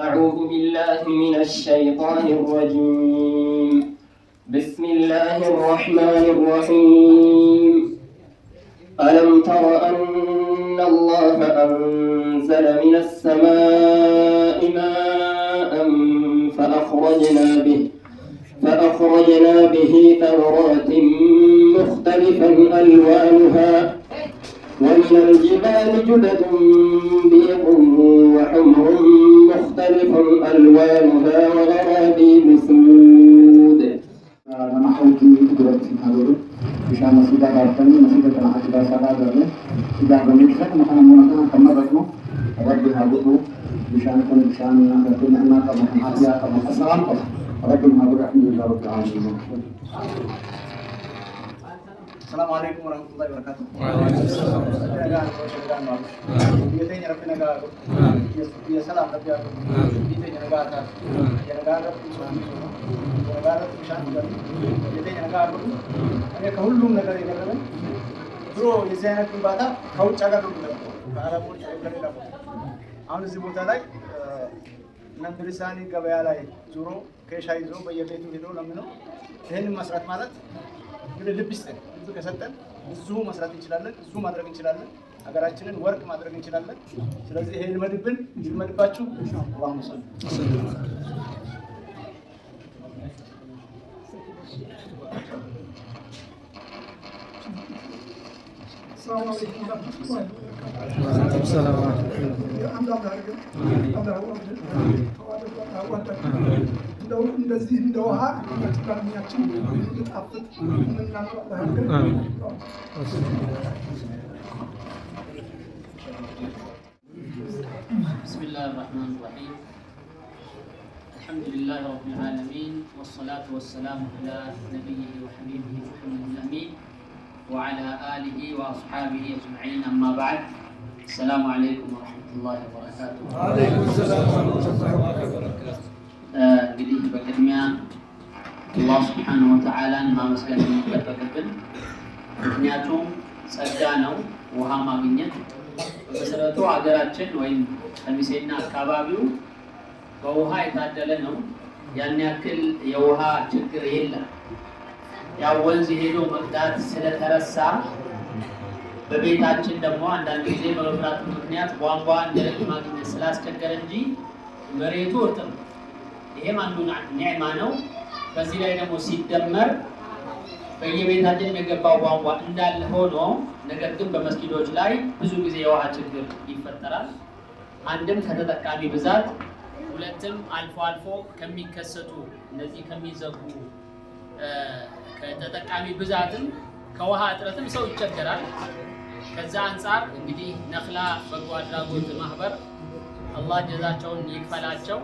أعوذ بالله من الشيطان الرجيم بسم الله الرحمن الرحيم ألم تر أن الله أنزل من السماء ماء فأخرجنا به فأخرجنا به ثمرات مختلفا ألوانها ومن الجبال جدد بيض وحمر مختلف ألوانها وغرابي سود أنا حوكي قدرت في هذول مشان إذا بنكسر نحن منطقة كما بكو أودي بشان مشان كن مشان الحمد لله رب العالمين ሰላም አለይኩም ወራህመቱላሂ ወበረካቱ። እኔ ከሁሉም ነገር የገረመኝ ድሮ የዚህ አይነት ግንባታ ከውጭ ሀገር አሁን እዚህ ቦታ ላይ ነብሪሳኒ ገበያ ላይ ዙሮ ኬሻ ይዞ በየቤቱ ሄዶ ለምነው ይህንን መስራት ማለት ግን ልብ ይስጠን። ብዙ ከሰጠን ብዙ መስራት እንችላለን፣ ብዙ ማድረግ እንችላለን። ሀገራችንን ወርቅ ማድረግ እንችላለን። ስለዚህ ይሄ ልመድብን፣ ልመድባችሁ ሰላም እንደዚህ እንደ ውሃ እንድጣፍጥ بسم الله الرحمن الرحيم الحمد لله رب العالمين والصلاة والسلام على نبيه وحبيبه محمد الأمين وعلى آله وأصحابه أجمعين أما بعد السلام عليكم ورحمة الله وبركاته وعليكم السلام ورحمة الله وبركاته እንግዲህ በቅድሚያ አላህ ስብሓነሁ ወተዓላን ማመስገን የሚጠበቅብን፣ ምክንያቱም ጸጋ ነው ውሃ ማግኘት። በመሰረቱ ሀገራችን ወይም ከሚሴና አካባቢው በውሃ የታደለ ነው። ያን ያክል የውሃ ችግር የለም። ያው ወንዝ ሄዶ መቅዳት ስለተረሳ በቤታችን ደግሞ አንዳንድ ጊዜ በመብራቱ ምክንያት ቧንቧ እንደ ማግኘት ስላስቸገረ እንጂ መሬቱ እርጥብ ይሄም አንዱ ኒዕማ ነው። በዚህ ላይ ደግሞ ሲደመር በየቤታችን የገባው ቧንቧ እንዳለ ሆኖ ነገር ግን በመስጊዶች ላይ ብዙ ጊዜ የውሃ ችግር ይፈጠራል። አንድም ከተጠቃሚ ብዛት፣ ሁለትም አልፎ አልፎ ከሚከሰቱ እነዚህ ከሚዘጉ ከተጠቃሚ ብዛትም ከውሃ እጥረትም ሰው ይቸገራል። ከዛ አንጻር እንግዲህ ነክላ በጎ አድራጎት ማህበር አላህ ጀዛቸውን ይክፈላቸው።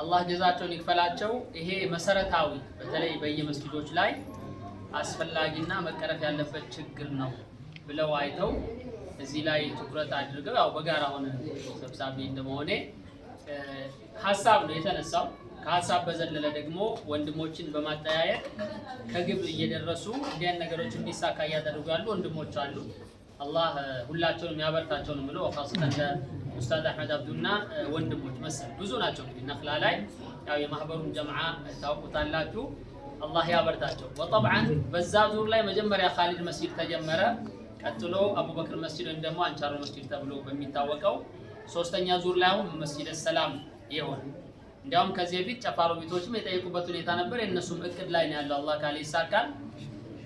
አላህ ጀዛቸውን ይክፈላቸው። ይሄ መሰረታዊ በተለይ በየመስጊዶች ላይ አስፈላጊና መቀረፍ ያለበት ችግር ነው ብለው አይተው እዚህ ላይ ትኩረት አድርገው ያው በጋራ ሆነ ሰብሳቢ እንደመሆኔ ሀሳብ ነው የተነሳው። ከሀሳብ በዘለለ ደግሞ ወንድሞችን በማጠያየቅ ከግብ እየደረሱ እንዲያን ነገሮች እንዲሳካ እያደረጉ ያሉ ወንድሞች አሉ። አላህ ሁላቸውንም ያበርታቸው ያበርታቸውን ብሎ እንደ ኡስታዝ አሕመድ አብዱና ወንድሞች መሰል ብዙ ናቸው። እንግዲህ ነክላ ላይ ያው የማህበሩን ጀምዓ ታውቁታላችሁ። አላህ ያበርታቸው። ወጠብዓን በዛ ዙር ላይ መጀመሪያ ካሊድ መስጂድ ተጀመረ። ቀጥሎ አቡበክር መስጂድ ወይም ደግሞ አንቻሮ መስጂድ ተብሎ በሚታወቀው ሶስተኛ ዙር ላይ አሁን መስጂድ ሰላም ይሆን እንዲያውም ከዚህ በፊት ጨፋሮ የጠየቁበት ሁኔታ ነበር። የእነሱም እቅድ ላይ ነው ያለው። አላህ ካለ ይሳካል።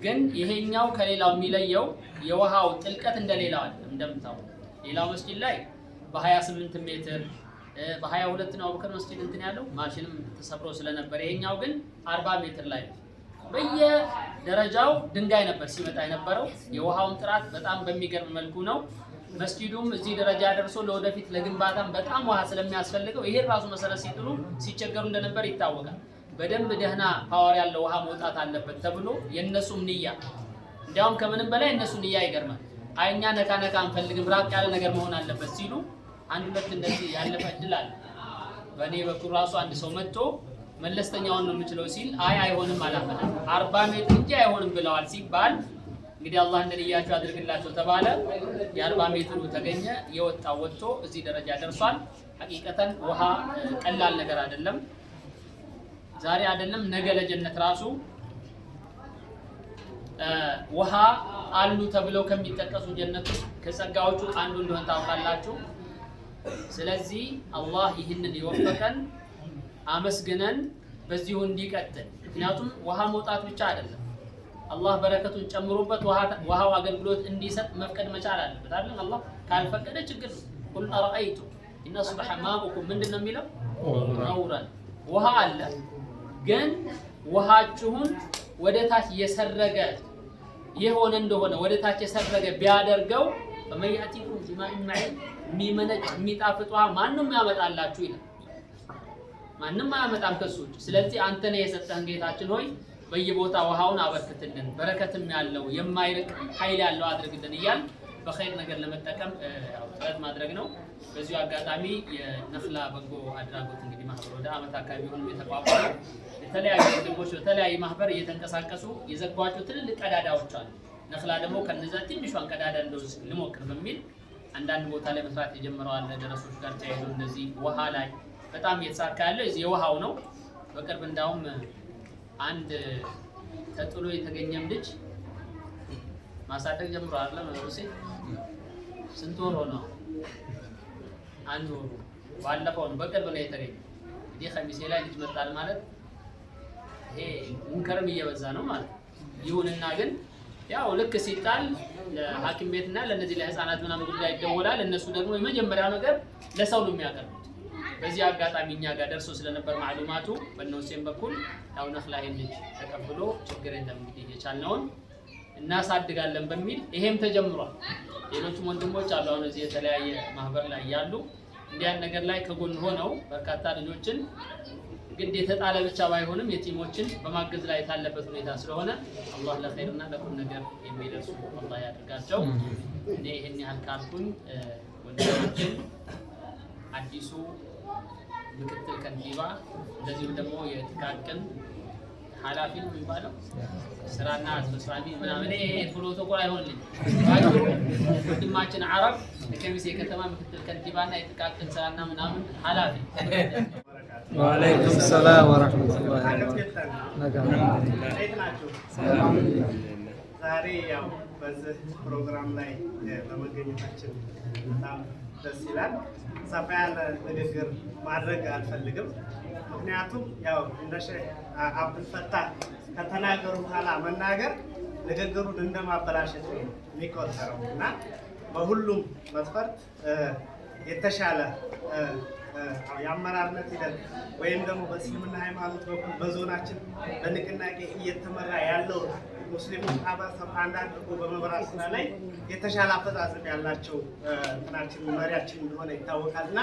ግን ይሄኛው ከሌላው የሚለየው የውሃው ጥልቀት እንደሌላው አለ። እንደምታውቁ ሌላው መስጊድ ላይ በ28 ሜትር በ22 ነው አቡበከር መስጊድ እንትን ያለው ማሽንም ተሰብሮ ስለነበር፣ ይሄኛው ግን 40 ሜትር ላይ ነው። በየደረጃው ድንጋይ ነበር ሲመጣ የነበረው። የውሃውን ጥራት በጣም በሚገርም መልኩ ነው መስጂዱም እዚህ ደረጃ ደርሶ ለወደፊት ለግንባታም በጣም ውሃ ስለሚያስፈልገው ይሄ ራሱ መሰረት ሲጥሉ ሲቸገሩ እንደነበር ይታወቃል። በደንብ ደህና ፓወር ያለው ውሃ መውጣት አለበት ተብሎ የእነሱም ንያ እንዲያውም ከምንም በላይ እነሱ ንያ ይገርማል። አይኛ ነካ ነካ አንፈልግም፣ ራቅ ያለ ነገር መሆን አለበት ሲሉ አንድ ሁለት እንደዚህ ያለፈ እድል አለ። በእኔ በኩል ራሱ አንድ ሰው መጥቶ መለስተኛውን ነው የምችለው ሲል አይ አይሆንም አላፈለም አርባ ሜትር እንጂ አይሆንም ብለዋል ሲባል እንግዲህ አላህ እንደንያቸው አድርግላቸው ተባለ። የአርባ ሜትሩ ተገኘ። የወጣ ወጥቶ እዚህ ደረጃ ደርሷል። ሀቂቀተን ውሃ ቀላል ነገር አይደለም። ዛሬ አይደለም ነገ ለጀነት ራሱ ውሃ አሉ ተብለው ከሚጠቀሱ ጀነት ውስጥ ከጸጋዎቹ አንዱ እንደሆነ ታውቃላችሁ። ስለዚህ አላህ ይህንን ይወፈቀን አመስግነን በዚሁ እንዲቀጥል። ምክንያቱም ውሃ መውጣት ብቻ አይደለም አላህ በረከቱን ጨምሮበት ውሃው አገልግሎት እንዲሰጥ መፍቀድ መቻል አለበት። አይደል? አላህ ካልፈቀደ ችግር ነው። ቁል አረአይቱ ኢን አስበሐ ማኡኩም ምንድን ነው የሚለው? ነውራን ውሃ አለ፣ ግን ውሃችሁን ወደ ታች የሰረገ የሆነ እንደሆነ ወደ ታች የሰረገ ቢያደርገው ፈመን ያእቲኩም ቢማኢን ማዒን የሚመነጭ የሚጣፍጥ ውሃ ማንም ያመጣላችሁ ይላል። ማንም አያመጣም ከሱ ውጭ። ስለዚህ አንተ ነህ የሰጠህን ጌታችን ሆይ በየቦታ ውሃውን አበርክትልን፣ በረከትም ያለው የማይርቅ ኃይል ያለው አድርግልን እያል በኸይር ነገር ለመጠቀም ጥረት ማድረግ ነው። በዚሁ አጋጣሚ የነፍላ በጎ አድራጎት እንግዲህ ማህበር ወደ አመት አካባቢ ሆኑ የተቋቋመ የተለያዩ ወንድሞች በተለያዩ ማህበር እየተንቀሳቀሱ የዘጓቸው ትልልቅ ቀዳዳዎች አሉ። ነኽላ ደግሞ ከነዛ ትንሿን ቀዳዳ እንደውስ ልሞክር በሚል አንዳንድ ቦታ ላይ መስራት የጀመረዋል። ደረሶች ጋር ተያይዞ እንደዚህ ውሃ ላይ በጣም እየተሳካ ያለው የውሃው ነው። በቅርብ እንዳውም አንድ ተጥሎ የተገኘም ልጅ ማሳደግ ጀምሮ አለ መሲ ስንት ወር ሆነው? አንድ ወሩ ባለፈው ነው፣ በቅርብ ነው የተገኘ። እንግዲህ ከሚሴ ላይ ልጅ መጣል ማለት ይሄ ሙንከርም እየበዛ ነው ማለት ይሁንና ግን ያው ልክ ሲጣል ለሐኪም ቤትና ለእነዚህ ለህፃናት ምናምን ጉዳይ ይደወላል። እነሱ ደግሞ የመጀመሪያው ነገር ለሰው ነው የሚያቀርበው በዚህ አጋጣሚ እኛ ጋር ደርሶ ስለነበር ማዕሉማቱ በነውሴን በኩል ያው ነክላይን ልጅ ተቀብሎ ችግር የለም እንግዲህ የቻልነውን እናሳድጋለን በሚል ይሄም ተጀምሯል። ሌሎችም ወንድሞች አሉ። አሁን እዚህ የተለያየ ማህበር ላይ ያሉ እንዲያን ነገር ላይ ከጎን ሆነው በርካታ ልጆችን ግድ የተጣለ ብቻ ባይሆንም የቲሞችን በማገዝ ላይ የታለበት ሁኔታ ስለሆነ አላህ ለኸይርና ለቁም ነገር የሚደርሱ አላህ ያደርጋቸው። እኔ ይህን ያህል ካልኩኝ ወንድሞችን አዲሱ ምክትል ከንቲባ እንደዚሁም ደግሞ የጥቃቅን ኃላፊ ነው የሚባለው ስራና አስፈጻሚ ምናምን ፕሮቶኮል አይሆንልኝ ወንድማችን አረብ ከሚሴ ከተማ ምክትል ከንቲባና የጥቃቅን ስራና ምናምን ኃላፊ ወአለይኩም ሰላም ወረሕመቱላሂ ዛሬ ያው በዚህ ፕሮግራም ላይ በመገኘታችን በጣም ደስ ይላል። ሰፋ ያለ ንግግር ማድረግ አልፈልግም። ምክንያቱም ያው እንደ ሼህ አብዱልፈታህ ከተናገሩ በኋላ መናገር ንግግሩን እንደማበላሸት ነው የሚቆጠረው እና በሁሉም መስፈርት የተሻለ የአመራርነት ሂደት ወይም ደግሞ በእስልምና ሃይማኖት በኩል በዞናችን በንቅናቄ እየተመራ ያለውን ሙስሊሙን ማህበረሰብ አንድ አድርጎ በመምራት ስራ ላይ የተሻለ አፈጻጸም ያላቸው እንትናችን መሪያችን እንደሆነ ይታወቃል እና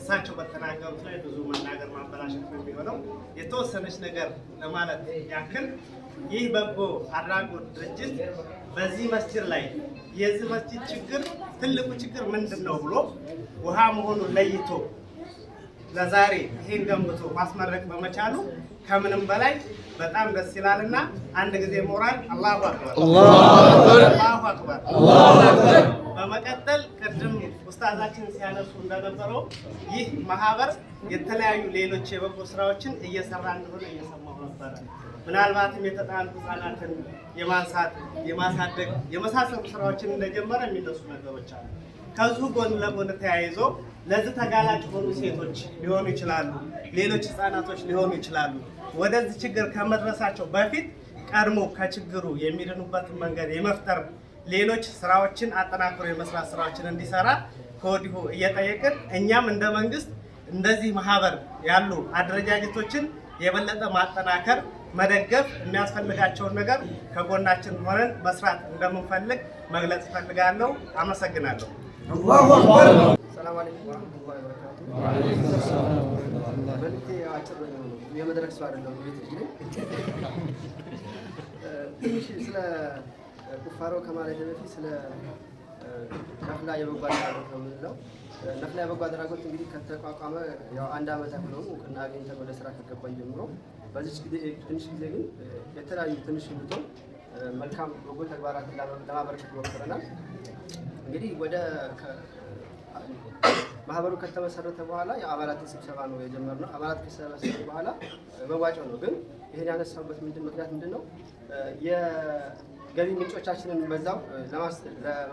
እሳቸው በተናገሩት ላይ ብዙ መናገር ማበላሸት ነው የሚሆነው። የተወሰነች ነገር ለማለት ያክል ይህ በጎ አድራጎት ድርጅት በዚህ መስጅድ ላይ የዚህ መስጅድ ችግር ትልቁ ችግር ምንድን ነው ብሎ ውሃ መሆኑን ለይቶ ለዛሬ ይህን ገንብቶ ማስመረቅ በመቻሉ ከምንም በላይ በጣም ደስ ይላል እና አንድ ጊዜ ሞራል አላሁ አክበር አላሁ አክበር አላሁ አክበር። በመቀጠል ቅድም ኡስታዛችን ሲያነሱ እንደነበረው ይህ ማህበር የተለያዩ ሌሎች የበጎ ስራዎችን እየሰራ እንደሆነ እየሰማሁ ነበረ። ምናልባትም የተጣሉ ህጻናትን የማንሳት የማሳደግ የመሳሰሉ ስራዎችን እንደጀመረ የሚነሱ ነገሮች አሉ። ከዙ ጎን ለጎን ተያይዞ ለዚህ ተጋላጭ ሆኑ ሴቶች ሊሆኑ ይችላሉ፣ ሌሎች ህጻናቶች ሊሆኑ ይችላሉ ወደዚህ ችግር ከመድረሳቸው በፊት ቀድሞ ከችግሩ የሚድኑበትን መንገድ የመፍጠር ሌሎች ስራዎችን አጠናክሮ የመስራት ስራዎችን እንዲሰራ ከወዲሁ እየጠየቅን እኛም እንደ መንግስት እንደዚህ ማህበር ያሉ አደረጃጀቶችን የበለጠ ማጠናከር፣ መደገፍ የሚያስፈልጋቸውን ነገር ከጎናችን ሆነን መስራት እንደምንፈልግ መግለጽ እፈልጋለሁ። አመሰግናለሁ። ሰላም አለይኩም ወረህመቱላሂ ወበረካቱህ። የመድረክ ሰው አይደለሁም፣ ቤት ልጅ ነኝ። ትንሽ ስለ ቁፋሮ ከማለት በፊት ስለ ነፍላ የበጎ አድራጎት ነው የምንለው። ነፍላ የበጎ አድራጎት እንግዲህ ከተቋቋመ ያው አንድ አመት ያህል ነው እውቅና አግኝተን ወደ ስራ ከገባን ጀምሮ። በዚች ጊዜ ትንሽ ጊዜ ግን የተለያዩ ትንሽ ልቶ መልካም በጎ ተግባራት ለማበረከት ሞክረናል። እንግዲህ ወደ ማህበሩ ከተመሰረተ በኋላ የአባላትን ስብሰባ ነው የጀመርነው። አባላት ከተሰበሰቡ በኋላ መዋጮ ነው። ግን ይህን ያነሳበት ምንድን ምክንያት ምንድን ነው የገቢ ምንጮቻችንን በዛው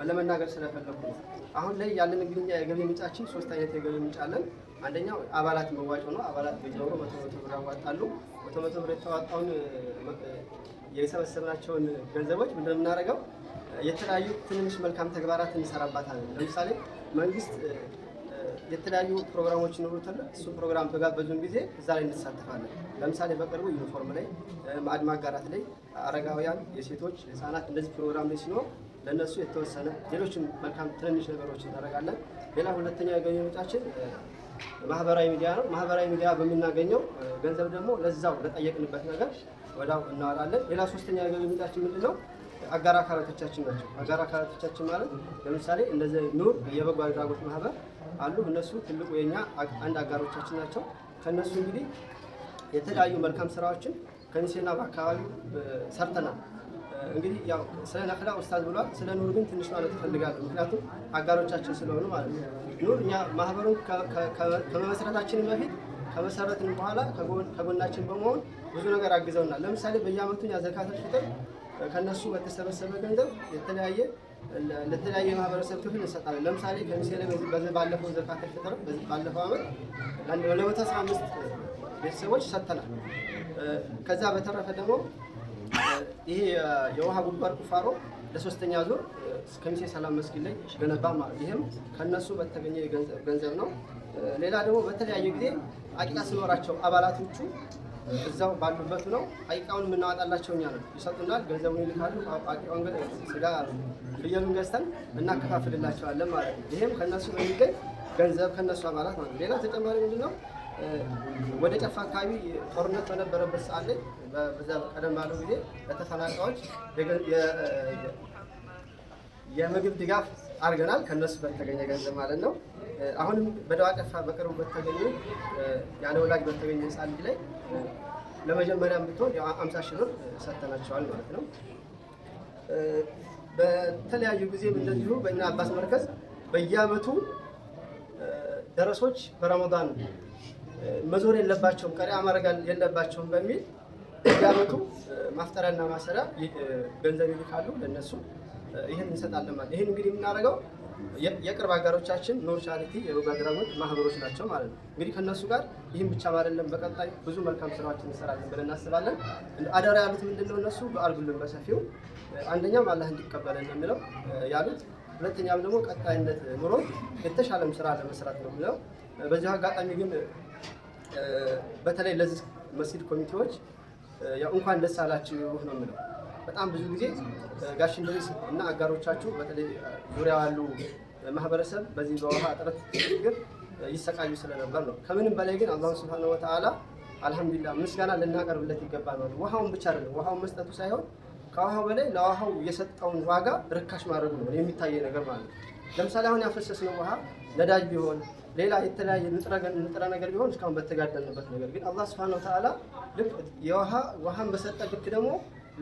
ለመናገር ስለፈለኩ ነው። አሁን ላይ ያለን እንግዲህ የገቢ ምንጫችን ሶስት አይነት የገቢ ምንጭ አለን። አንደኛው አባላት መዋጮ ነው። አባላት በጀምሮ መቶ መቶ ብር ያዋጣሉ። መቶ መቶ ብር የተዋጣውን የሰበሰብናቸውን ገንዘቦች ምንድን ነው የምናደርገው? የተለያዩ ትንንሽ መልካም ተግባራት እንሰራባታለን። ለምሳሌ መንግስት የተለያዩ ፕሮግራሞች ይኖሩታል። እሱ ፕሮግራም በጋበዙን ጊዜ እዛ ላይ እንሳተፋለን። ለምሳሌ በቅርቡ ዩኒፎርም ላይ፣ ማዕድ ማጋራት ላይ፣ አረጋውያን፣ የሴቶች ህፃናት፣ እንደዚህ ፕሮግራም ላይ ሲኖር ለእነሱ የተወሰነ ሌሎችም መልካም ትንንሽ ነገሮች እናደርጋለን። ሌላ ሁለተኛ የገቢ ምንጫችን ማህበራዊ ሚዲያ ነው። ማህበራዊ ሚዲያ በምናገኘው ገንዘብ ደግሞ ለዛው ለጠየቅንበት ነገር ወዳው እናወራለን። ሌላ ሶስተኛ የገቢ ምንጫችን ምንድን ነው? አጋር አካላቶቻችን ናቸው። አጋር አካላቶቻችን ማለት ለምሳሌ እንደዚህ ኑር የበጎ አድራጎት ማህበር አሉ። እነሱ ትልቁ የኛ አንድ አጋሮቻችን ናቸው። ከእነሱ እንግዲህ የተለያዩ መልካም ስራዎችን ከሚሴና በአካባቢው ሰርተናል። እንግዲህ ያው ስለ ነክላ ኡስታዝ ብሏል። ስለ ኑር ግን ትንሽ ማለት እፈልጋለሁ። ምክንያቱም አጋሮቻችን ስለሆኑ ማለት ነው። ኑር እኛ ማህበሩን ከመመስረታችን በፊት ከመሰረትን በኋላ ከጎናችን በመሆን ብዙ ነገር አግዘውናል። ለምሳሌ በየአመቱ ያ ዘካተል ከእነሱ በተሰበሰበ ገንዘብ የተለያየ ለተለያየ ማህበረሰብ ክፍል እንሰጣለን። ለምሳሌ ከሚሴ ላይ በዚህ ባለፈው ዘካ ፍጥር በዚህ ባለፈው ዓመት ለመቶ አስራ አምስት ቤተሰቦች ሰጥተናል። ከዛ በተረፈ ደግሞ ይሄ የውሃ ጉድጓድ ቁፋሮ ለሶስተኛ ዙር ከሚሴ ሰላም መስጊድ ላይ ገነባ ማለት ይህም ከእነሱ በተገኘ ገንዘብ ነው። ሌላ ደግሞ በተለያየ ጊዜ አቂቃ ሲኖራቸው አባላቶቹ እዛው ባሉበት ነው አቂቃውን የምናወጣላቸው እኛ ነው። ይሰጡናል፣ ገንዘቡን ይልካሉ። አቂቃውን ገ ስጋ ፍየሉን ገዝተን እናከፋፍልላቸዋለን ማለት ነው። ይህም ከእነሱ በሚገኝ ገንዘብ ከእነሱ አባላት ማለት ነው። ሌላ ተጨማሪ ምንድን ነው ወደ ጨፋ አካባቢ ጦርነት በነበረበት ሰዓት ላይ በዛ ቀደም ባለው ጊዜ ለተፈናቃዮች የምግብ ድጋፍ አድርገናል፣ ከነሱ በተገኘ ገንዘብ ማለት ነው። አሁንም በደዋ ቀፋ በቅርቡ በተገኘ ያለ ወላጅ በተገኘ ህፃን ልጅ ላይ ለመጀመሪያ የምትሆን አምሳ ሺህ ብር ሰጥተናቸዋል ማለት ነው። በተለያዩ ጊዜ እንደዚሁ በእኛ አባስ መርከዝ በየአመቱ ደረሶች በረመዳን መዞር የለባቸውም ቀሪ ማድረግ የለባቸውም በሚል በየአመቱ ማፍጠሪያና ማሰሪያ ገንዘብ ይልካሉ ለእነሱ ይህን እንሰጣለን ማለት ይህን እንግዲህ የምናደርገው የቅርብ አጋሮቻችን ኖር ቻሪቲ የበጎ አድራጎት ማህበሮች ናቸው ማለት ነው። እንግዲህ ከእነሱ ጋር ይህም ብቻ አይደለም፣ በቀጣይ ብዙ መልካም ስራዎችን እንሰራለን ብለን እናስባለን። አደራ ያሉት ምንድን ነው? እነሱ በአልጉልን በሰፊው አንደኛም አላህ እንዲቀበለን የሚለው ያሉት፣ ሁለተኛም ደግሞ ቀጣይነት ኑሮ የተሻለም ስራ ለመስራት ነው የሚለው። በዚህ አጋጣሚ ግን በተለይ ለዚህ መስጊድ ኮሚቴዎች እንኳን ደስ አላችሁ ነው የሚለው በጣም ብዙ ጊዜ ጋሽ እንድሪስ እና አጋሮቻችሁ በተለይ ዙሪያ ያሉ ማህበረሰብ በዚህ በውሃ እጥረት ችግር ይሰቃዩ ስለነበር ነው። ከምንም በላይ ግን አላሁ ስብሐነሁ ወተዓላ አልሐምዱላ ምስጋና ልናቀርብለት ይገባል። ማለት ውሃውን ብቻ አይደለም ውሃውን መስጠቱ ሳይሆን ከውሃው በላይ ለውሃው የሰጠውን ዋጋ ርካሽ ማድረጉ ነው የሚታየ ነገር ማለት ነው። ለምሳሌ አሁን ያፈሰስነው ውሃ ነዳጅ ቢሆን ሌላ የተለያየ ንጥረ ነገር ቢሆን እስካሁን በተጋደልንበት ነገር ግን አላህ ስብሐነሁ ወተዓላ ልክ የውሃ ውሃን በሰጠ ልክ ደግሞ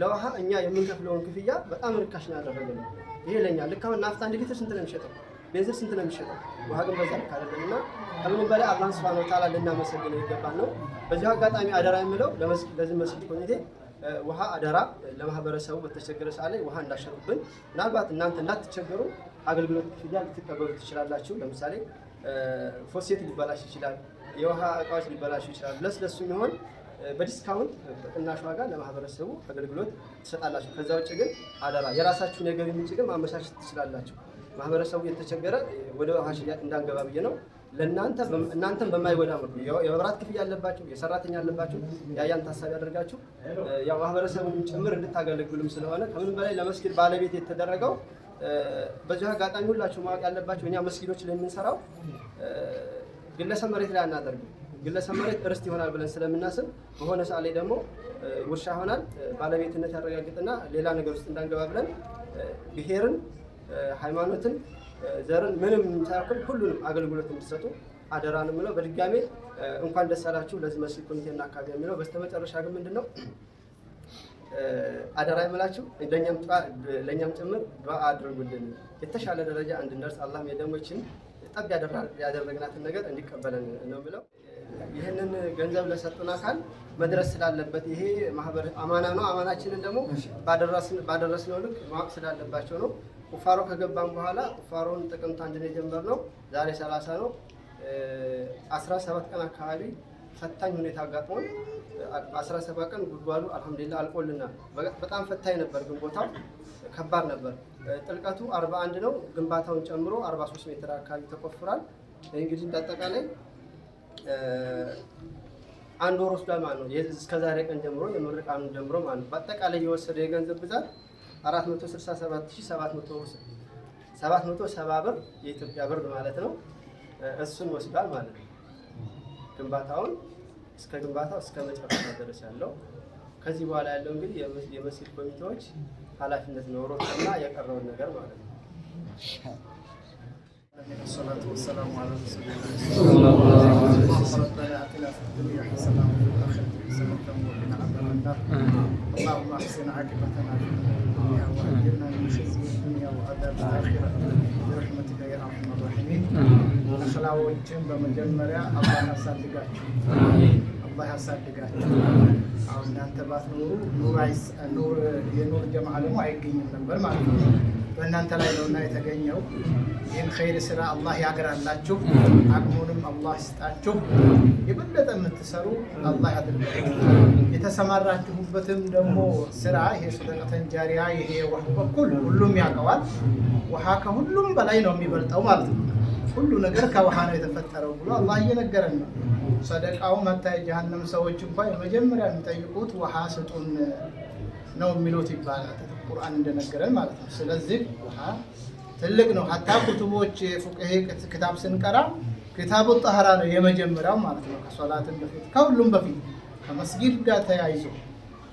ለውሃ እኛ የምንከፍለውን ክፍያ በጣም ርካሽ ነው ያደረገን። ይሄ ለኛ ልክ አሁን ናፍታ አንድ ሊትር ስንት ነው የሚሸጠው? ቤንዚን ስንት ነው የሚሸጠው? ውሃ ግን በዛ ልክ አይደለም እና ከምንም በላይ አላህን ስብሃነ ወተዓላ ልናመሰግነው ይገባል ነው። በዚሁ አጋጣሚ አደራ የምለው ለዚህ መስጊድ ኮሚቴ ውሃ አደራ ለማህበረሰቡ በተቸገረ ሰዓት ላይ ውሃ እንዳሸሩብን። ምናልባት እናንተ እንዳትቸገሩ አገልግሎት ክፍያ ልትቀበሉ ትችላላችሁ። ለምሳሌ ፎሴት ሊበላሽ ይችላል፣ የውሃ እቃዎች ሊበላሹ ይችላል። ለስለሱ የሚሆን በዲስካውንት በቅናሽ ዋጋ ለማህበረሰቡ አገልግሎት ትሰጣላችሁ። ከዛ ውጭ ግን አደራ የራሳችሁ የገቢ ምንጭ ግን ማመቻቸት ትችላላችሁ። ማህበረሰቡ የተቸገረ ወደ ውሃ ሽያጭ እንዳንገባ ብዬ ነው። እናንተም በማይጎዳ መልኩ የመብራት ክፍያ ያለባችሁ፣ የሰራተኛ ያለባችሁ ያያን ታሳቢ ያደርጋችሁ ያው ማህበረሰቡን ጭምር እንድታገለግሉም ስለሆነ ከምንም በላይ ለመስጊድ ባለቤት የተደረገው በዚሁ አጋጣሚ ሁላችሁ ማወቅ ያለባችሁ እኛ መስጊዶች ለምንሰራው የምንሰራው ግለሰብ መሬት ላይ አናደርግም። ግለሰብ መሬት እርስት ይሆናል ብለን ስለምናስብ በሆነ ሰዓት ላይ ደግሞ ውርሻ ይሆናል ባለቤትነት ያረጋግጥና ሌላ ነገር ውስጥ እንዳንገባ ብለን ብሔርን፣ ሃይማኖትን፣ ዘርን ምንም ሳያክል ሁሉንም አገልግሎት እንዲሰጡ አደራ ነው የምለው። በድጋሜ እንኳን ደስ ያላችሁ ለዚህ መስል ኮሚቴና አካባቢ የሚለው። በስተመጨረሻ ግን ምንድን ነው አደራ ይመላችሁ ለእኛም ጭምር ዱዓ አድርጉልን የተሻለ ደረጃ እንድንደርስ አላህም የደሞችን ጠብ ያደረግናትን ነገር እንዲቀበለን ነው የምለው። ይህንን ገንዘብ ለሰጡን አካል መድረስ ስላለበት ይሄ ማህበር አማና ነው። አማናችንን ደግሞ ባደረስነው ልክ ማወቅ ስላለባቸው ነው። ቁፋሮ ከገባን በኋላ ቁፋሮውን ጥቅምት አንድ ነው የጀመርነው። ዛሬ ሰላሳ ነው። አስራ ሰባት ቀን አካባቢ ፈታኝ ሁኔታ አጋጥሞን አስራ ሰባት ቀን ጉድጓዱ አልሐምዱሊላህ አልቆልናል። በጣም ፈታኝ ነበር፣ ግን ቦታው ከባድ ነበር። ጥልቀቱ 41 ነው፣ ግንባታውን ጨምሮ 43 ሜትር አካባቢ ተቆፍሯል። እንግዲህ እንዳጠቃላይ አንድ ወር ወስዷል ማለት ነው። እስከ ዛሬ ቀን ጀምሮ የምርቃኑ ጀምሮ ማለት ነው። በአጠቃላይ የወሰደ የገንዘብ ብዛት 467770 ብር የኢትዮጵያ ብር ማለት ነው። እሱን ወስዷል ማለት ነው። ግንባታውን እስከ ግንባታው እስከ መጨረሻ ድረስ ያለው ከዚህ በኋላ ያለው እንግዲህ የመስጊድ ኮሚቴዎች ኃላፊነት እና የቀረውን ነገር ማለት ነው። ሰላቱ ወሰላሙ አለ አላዎችን በመጀመሪያ አላህ ያሳድጋችሁ፣ አላህ ያሳድጋችሁ። እናንተ ባትኖሩ የኑር ጀማዓ ደግሞ አይገኝም ነበር ማለት ነው። በእናንተ ላይ ነውና የተገኘው። ይህን ኸይር ስራ አላህ ያግራላችሁ፣ አቅሙንም አላህ ይስጣችሁ። የበለጠ የምትሰሩ አላህ ያድርጋችሁ። የተሰማራችሁበትም ደግሞ ስራ ይሄ ሰደቀተን ጃሪያ ይሄ ወህ በኩል ሁሉም ያውቀዋል። ውሃ ከሁሉም በላይ ነው የሚበልጠው ማለት ነው። ሁሉ ነገር ከውሃ ነው የተፈጠረው ብሎ አላህ እየነገረን ነው። ሰደቃው መታ የጀሃነም ሰዎች እንኳ የመጀመሪያ የሚጠይቁት ውሃ ስጡን ነው የሚሉት ይባላል። ቁርአን እንደነገረን ማለት ነው። ስለዚህ ውሃ ትልቅ ነው። ሀታ ኩቱቦች ፉቅሄ ክታብ ስንቀራ ክታቡ ጣህራ ነው የመጀመሪያው ማለት ነው። ከሶላትን በፊት ከሁሉም በፊት ከመስጊድ ጋር ተያይዞ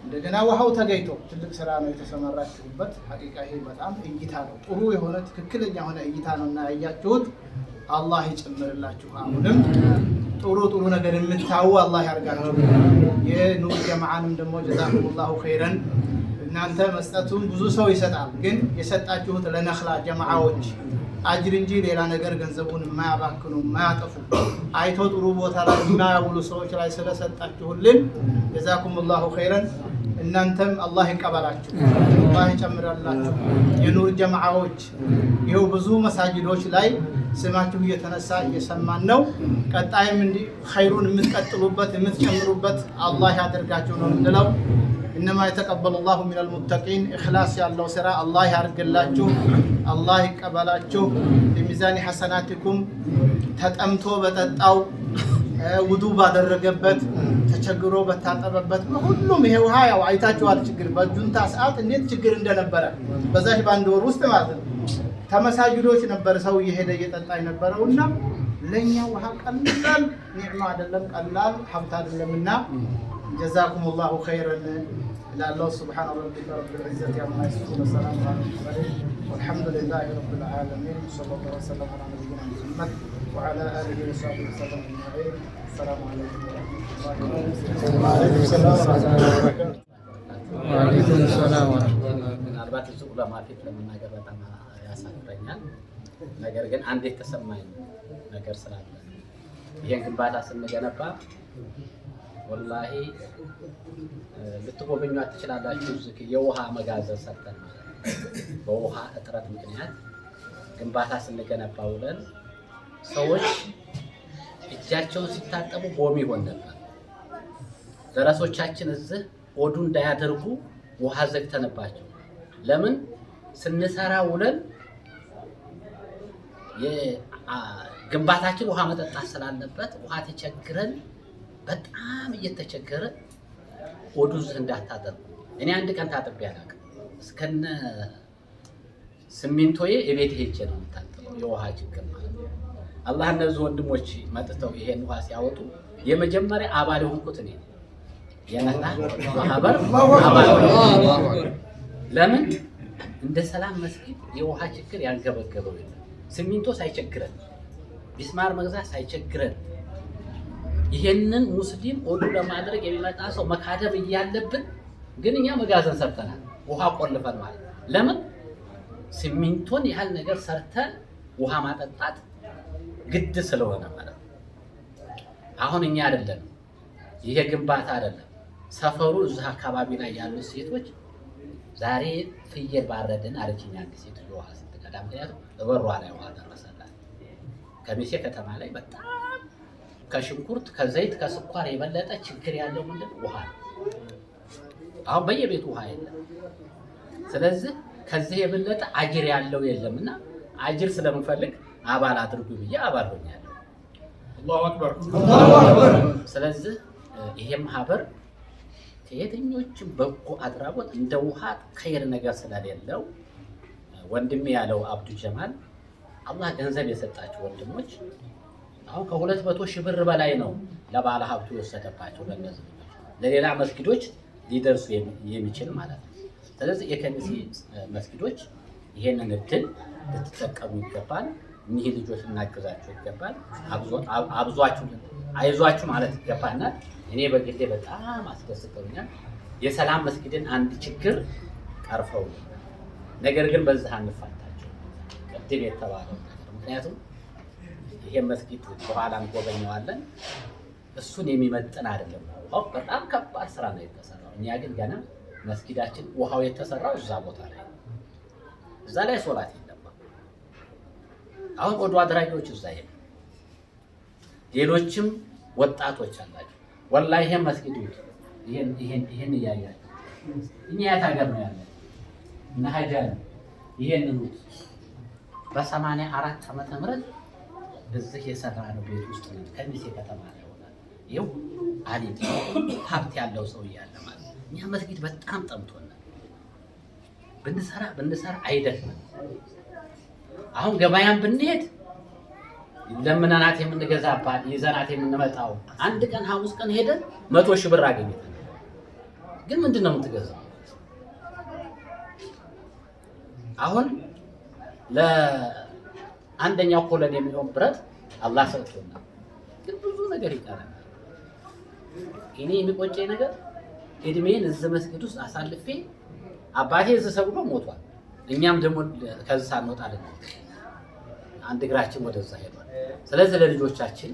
እንደገና ውሃው ተገኝቶ ትልቅ ስራ ነው የተሰመራችሁበት ሀቂቃ ይሄ በጣም እይታ ነው፣ ጥሩ የሆነ ትክክለኛ የሆነ እይታ ነው እና ያያችሁት አላህ ይጨምርላችሁ። አሁንም ጥሩ ጥሩ ነገር የምታዩ አላህ ያርጋችሁ። የኑር ጀማዓንም ደግሞ ጀዛኩሙላሁ ኸይረን እናንተ መስጠቱን ብዙ ሰው ይሰጣል። ግን የሰጣችሁት ለነክላ ጀማዓዎች አጅር እንጂ ሌላ ነገር ገንዘቡን የማያባክኑ የማያጠፉ አይቶ ጥሩ ቦታ ላይ የማያውሉ ሰዎች ላይ ስለሰጣችሁልን ጀዛኩም ላሁ ኸይረን። እናንተም አላህ ይቀበላችሁ፣ አላህ ይጨምራላችሁ። የኑር ጀማዓዎች ይኸው ብዙ መሳጅዶች ላይ ስማችሁ እየተነሳ እየሰማን ነው። ቀጣይም እንዲህ ኸይሩን የምትቀጥሉበት የምትጨምሩበት አላህ ያደርጋችሁ ነው ምንለው። ኢነማ የተቀበሉ ላሁ ሚነል ሙተቂን እክላስ ያለው ስራ አላህ ያርግላችሁ፣ አላህ ይቀበላችሁ። የሚዛኒ ሐሰናቲኩም ተጠምቶ በጠጣው ውዱ ባደረገበት ተቸግሮ በታጠበበት ሁሉም ይሄ ውሃ ያው አይታችኋል። ችግር በጁንታ ሰዓት እንዴት ችግር እንደነበረ በዛች በአንድ ወር ውስጥ ማለት ነው። ተመሳጅዶች ነበር ሰው እየሄደ እየጠጣ የነበረው እና ለእኛ ውሃ ቀላል ኒዕማ አይደለም፣ ቀላል ሀብት አይደለምና ጀዛኩም ላሁ ኸይረን إلى سبحان ربك رب العزة عما يصفون وسلام على المرسلين والحمد لله رب العالمين صلى الله وسلم على نبينا محمد وعلى آله وصحبه وسلم أجمعين السلام عليكم ورحمة الله وبركاته وعليكم السلام ورحمة الله ምናልባት ብዙ ለማፊት ለመናገር በጣም ያሳፍረኛል። ነገር ግን አንድ የተሰማኝ ነገር ስላለ ይሄን ግንባታ ስንገነባ ወላሂ ልትጎበኟት ትችላላችሁ። ዝክ የውሃ መጋዘን ሰርተን ማለት ነው። በውሃ እጥረት ምክንያት ግንባታ ስንገነባ ውለን ሰዎች እጃቸውን ሲታጠቡ ቦሚ ይሆን ነበር። ደረሶቻችን እዚህ ኦዱ እንዳያደርጉ ውሃ ዘግተንባቸው ለምን ስንሰራ ውለን ግንባታችን ውሃ መጠጣት ስላለበት ውሃ ተቸግረን በጣም እየተቸገረ ሆዱን እንዳታጠብ። እኔ አንድ ቀን ታጥቤ አላውቅም። እስከነ ስሚንቶዬ የቤት ሄጄ ነው የምታጥበው። የውሃ ችግር ማለት ነው። አላህ እነዚህ ወንድሞች መጥተው ይሄን ውሃ ሲያወጡ የመጀመሪያ አባል የሆንኩት እኔ ማህበር ለምን እንደ ሰላም መስጊድ የውሃ ችግር ያንገበገበው የለም። ስሚንቶ ሳይቸግረን ቢስማር መግዛት ሳይቸግረን ይሄንን ሙስሊም ሁሉ ለማድረግ የሚመጣ ሰው መካደብ እያለብን ግን እኛ መጋዘን ሰርተናል፣ ውሃ ቆልፈን ማለት ለምን ሲሚንቶን ያህል ነገር ሰርተን ውሃ ማጠጣት ግድ ስለሆነ ማለት አሁን እኛ አይደለም ይሄ ግንባታ አይደለም። ሰፈሩ እዚህ አካባቢ ላይ ያሉት ሴቶች ዛሬ ፍየል ባረድን አለችኝ ጊዜ ሴት ውሃ ስትቀዳ፣ ምክንያቱም እበሯ ላይ ውሃ ደረሰላት። ከሚሴ ከተማ ላይ በጣም ከሽንኩርት ከዘይት ከስኳር የበለጠ ችግር ያለው ምንድን ውሃ ነው። አሁን በየቤቱ ውሃ የለም። ስለዚህ ከዚህ የበለጠ አጅር ያለው የለም እና አጅር ስለምፈልግ አባል አድርጉ ብዬ አባል ሆኛለሁ። ስለዚህ ይሄ ማህበር ከየትኞችም በጎ አድራጎት እንደ ውሃ ከየር ነገር ስለሌለው ወንድሜ ያለው አብዱ ጀማል አላህ ገንዘብ የሰጣቸው ወንድሞች አሁን ከሁለት መቶ ሺህ ብር በላይ ነው ለባለ ሀብቱ የወሰደባቸው ገንዘብ ለሌላ መስጊዶች ሊደርሱ የሚችል ማለት ነው። ስለዚህ የከሚሴ መስጊዶች ይሄንን እድል ልትጠቀሙ ይገባል። እኒህ ልጆች ልናግዛቸው ይገባል። አብዟችሁ አይዟችሁ ማለት ይገባናል። እኔ በግሌ በጣም አስደስተውኛል። የሰላም መስጊድን አንድ ችግር ቀርፈው ነገር ግን በዚህ አንፋታቸው ቅድም የተባለው ምክንያቱም ይሄን መስጊድ በኋላ እንጎበኘዋለን። እሱን የሚመጥን አይደለም። ውሃው በጣም ከባድ ስራ ነው የተሰራው። እኛ ግን ገና መስጊዳችን ውሃው የተሰራው እዛ ቦታ ላይ እዛ ላይ ሶላት የለም። አሁን ወደ አድራጊዎች እዛ ይሄ ሌሎችም ወጣቶች አላቸው። ወላሂ ይሄን መስጊድ ይሄን ይሄን ይሄን እያያችሁ እኛ የት ሀገር ነው ያለ እና ሀጃ ይሄን በሰማንያ አራት ዓመተ ምህረት በዚህ የሰራ ነው ቤት ውስጥ ነው ከሚሴ ከተማ ላይ ሆነ ይኸው አሊጥ ሀብት ያለው ሰው እያለ ማለት ነው። እኛ መስጊድ በጣም ጠምቶናል። ብንሰራ ብንሰራ አይደክምም። አሁን ገበያም ብንሄድ ለምናናት የምንገዛባት ይዘናት የምንመጣው አንድ ቀን ሐሙስ ቀን ሄደን መቶ ሺህ ብር አገኘታል። ግን ምንድን ነው የምትገዛው? አሁን አንደኛው ኮለን የሚሆን ብረት አላህ ሰጥቶናል። ግን ብዙ ነገር ይቀራል። እኔ የሚቆጨኝ ነገር እድሜን እዚህ መስጊድ ውስጥ አሳልፌ አባቴ እዚህ ሰግዶ ሞቷል። እኛም ደግሞ ከዚህ ሳንወጣ አንድ እግራችን ወደዛ ሄዷል። ስለዚህ ለልጆቻችን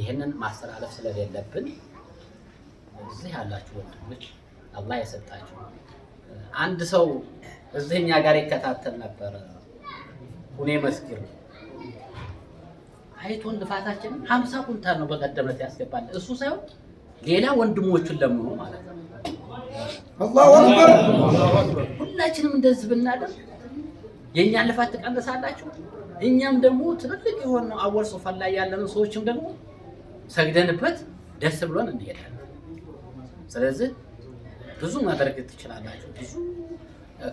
ይህንን ማስተላለፍ ስለሌለብን እዚህ ያላችሁ ወንድሞች አላህ የሰጣችሁ አንድ ሰው እዚህኛ ጋር ይከታተል ነበር ሁኔ መስጊድ ነው አይቶን ልፋታችንን ሀምሳ ኩንታል ነው በቀደመት ያስገባል። እሱ ሳይሆን ሌላ ወንድሞቹን ለምኖ ማለት ነው። ሁላችንም እንደዚህ ብናደርግ የእኛን ልፋት ትቀንሳላችሁ። እኛም ደግሞ ትልልቅ የሆነው አወር ሶፋን ላይ ያለን ሰዎችም ደግሞ ሰግደንበት ደስ ብሎን እንሄዳለን። ስለዚህ ብዙ ማድረግ ትችላላችሁ። ብዙ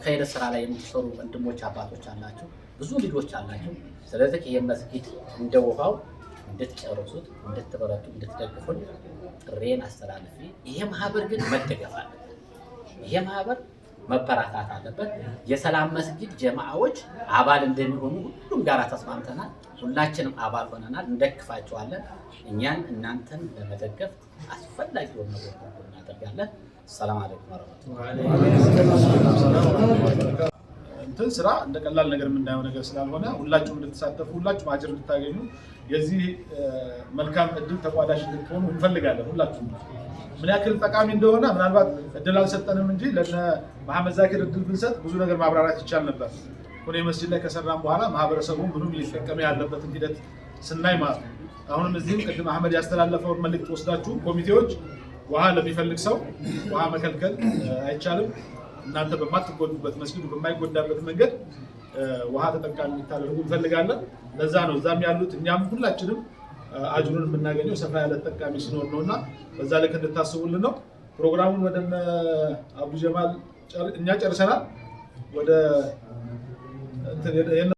ከሄደ ስራ ላይ የምትሰሩ ወንድሞች አባቶች አላችሁ። ብዙ ልጆች አላቸው። ስለዚህ ይህ መስጊድ እንደ ውሃው እንድትጨርሱት፣ እንድትበረቱ፣ እንድትደግፉን ጥሬን አስተላልፊ። ይሄ ማህበር ግን መደገፍ አለ። ይሄ ማህበር መበራታት አለበት። የሰላም መስጊድ ጀማዓዎች አባል እንደሚሆኑ ሁሉም ጋር ተስማምተናል። ሁላችንም አባል ሆነናል። እንደግፋቸዋለን። እኛን እናንተን ለመደገፍ አስፈላጊ ነገር እናደርጋለን። ሰላም አለይኩም ረመቱ እንትን ስራ እንደ ቀላል ነገር የምናየው ነገር ስላልሆነ ሁላችሁም እንድትሳተፉ ሁላችሁም አጅር እንድታገኙ የዚህ መልካም እድል ተቋዳሽ እንድትሆኑ እንፈልጋለን። ሁላችሁም ምን ያክል ጠቃሚ እንደሆነ ምናልባት እድል አልሰጠንም እንጂ ለነ መሐመድ ዛኪር እድል ብንሰጥ ብዙ ነገር ማብራራት ይቻል ነበር። ሁኔ መስጂድ ላይ ከሰራም በኋላ ማህበረሰቡ ምኑም ሊጠቀመ ያለበትን ሂደት ስናይ ማለት ነው። አሁንም እዚህም ቅድም አህመድ ያስተላለፈውን መልዕክት ወስዳችሁ ኮሚቴዎች ውሃ ለሚፈልግ ሰው ውሃ መከልከል አይቻልም። እናንተ በማትጎዱበት መስጊዱ በማይጎዳበት መንገድ ውሃ ተጠቃሚ እንድታደርጉ እንፈልጋለን። ለዛ ነው እዛም ያሉት እኛም ሁላችንም አጅሩን የምናገኘው ሰፋ ያለ ተጠቃሚ ሲኖር ነው እና በዛ ልክ እንድታስቡልን ነው። ፕሮግራሙን ወደ አብዱ ጀማል እኛ ጨርሰናል ወደ